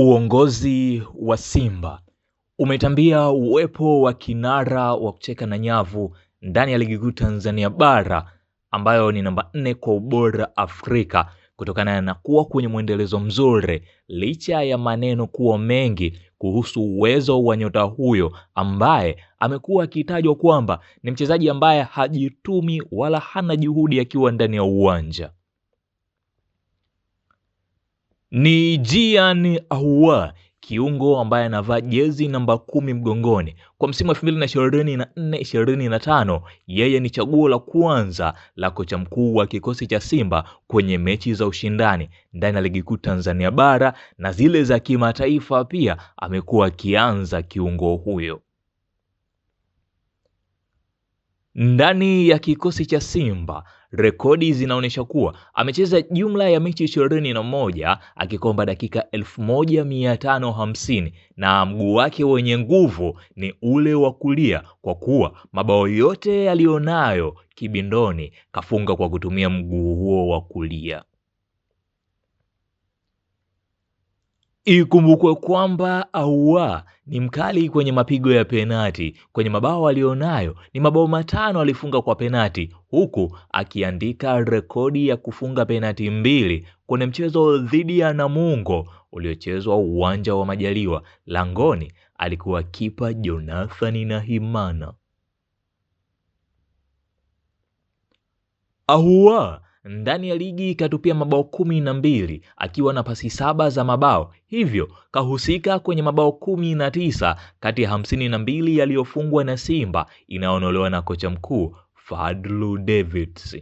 Uongozi wa Simba umetambia uwepo wa kinara wa kucheka na nyavu ndani ya ligi kuu Tanzania bara ambayo ni namba nne kwa ubora Afrika kutokana na kuwa kwenye mwendelezo mzuri, licha ya maneno kuwa mengi kuhusu uwezo wa nyota huyo ambaye amekuwa akitajwa kwamba ni mchezaji ambaye hajitumi wala hana juhudi akiwa ndani ya uwanja. Ni Gian Ahoua kiungo ambaye anavaa jezi namba kumi mgongoni kwa msimu wa 2024 2025. Yeye ni chaguo la kwanza la kocha mkuu wa kikosi cha Simba kwenye mechi za ushindani ndani ya ligi kuu Tanzania bara na zile za kimataifa pia amekuwa akianza kiungo huyo. Ndani ya kikosi cha Simba rekodi zinaonyesha kuwa amecheza jumla ya mechi ishirini na moja akikomba dakika hamsini na mguu wake wenye nguvu ni ule wa kulia, kwa kuwa mabao yote aliyonayo kibindoni kafunga kwa kutumia mguu huo wa kulia. Ikumbukwe kwamba aua ni mkali kwenye mapigo ya penati. Kwenye mabao aliyonayo ni mabao matano alifunga kwa penati, huku akiandika rekodi ya kufunga penati mbili kwenye mchezo dhidi ya Namungo uliochezwa uwanja wa Majaliwa. Langoni alikuwa kipa Jonathan Nahimana. Ahua ndani ya ligi katupia mabao kumi na mbili akiwa na pasi saba za mabao, hivyo kahusika kwenye mabao kumi na tisa kati ya hamsini na mbili yaliyofungwa na Simba inayoonolewa na kocha mkuu Fadlu Davids.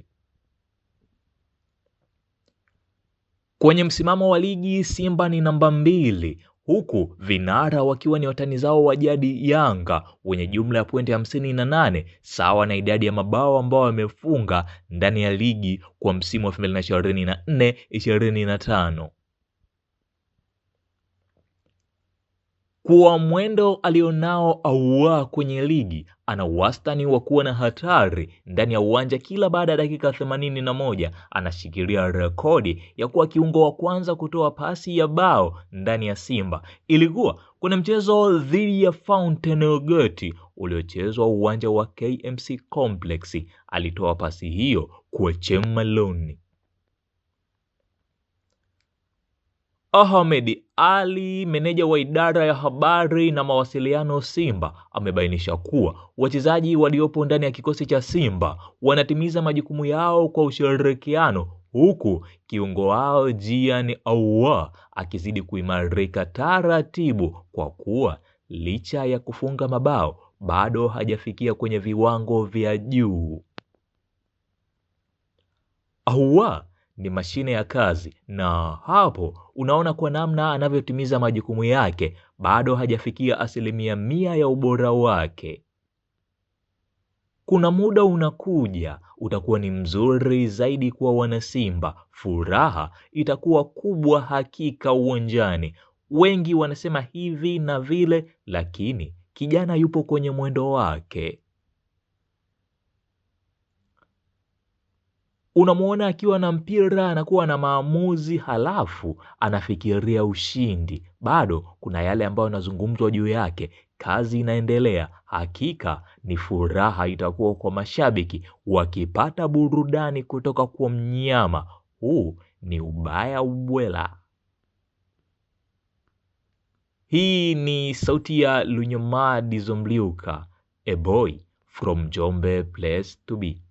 Kwenye msimamo wa ligi Simba ni namba mbili huku vinara wakiwa ni watani zao wa jadi Yanga wenye jumla ya pointi hamsini na nane sawa na idadi ya mabao ambao wamefunga ndani ya ligi kwa msimu wa 2024 25. kwa mwendo alionao aua kwenye ligi, ana wastani wa kuwa na hatari ndani ya uwanja kila baada ya dakika themanini na moja. Anashikilia rekodi ya kuwa kiungo wa kwanza kutoa pasi ya bao ndani ya Simba. Ilikuwa kuna mchezo dhidi ya Fountain Gate uliochezwa uwanja wa KMC Complex, alitoa pasi hiyo kwa Chemaloni Ahmed ali, meneja wa idara ya habari na mawasiliano Simba, amebainisha kuwa wachezaji waliopo ndani ya kikosi cha Simba wanatimiza majukumu yao kwa ushirikiano huku kiungo wao Gian Ahoua akizidi kuimarika taratibu kwa kuwa licha ya kufunga mabao bado hajafikia kwenye viwango vya juu. Ahoua ni mashine ya kazi, na hapo unaona kwa namna anavyotimiza majukumu yake bado hajafikia asilimia mia ya ubora wake. Kuna muda unakuja utakuwa ni mzuri zaidi kwa Wanasimba, furaha itakuwa kubwa hakika uwanjani. Wengi wanasema hivi na vile, lakini kijana yupo kwenye mwendo wake. unamwona akiwa na mpira anakuwa na maamuzi, halafu anafikiria ushindi. Bado kuna yale ambayo yanazungumzwa juu yake, kazi inaendelea. Hakika ni furaha itakuwa kwa mashabiki wakipata burudani kutoka kwa mnyama. Huu ni ubaya ubwela. Hii ni sauti ya Lunyamadi Zomliuka, a boy from Jombe place to be.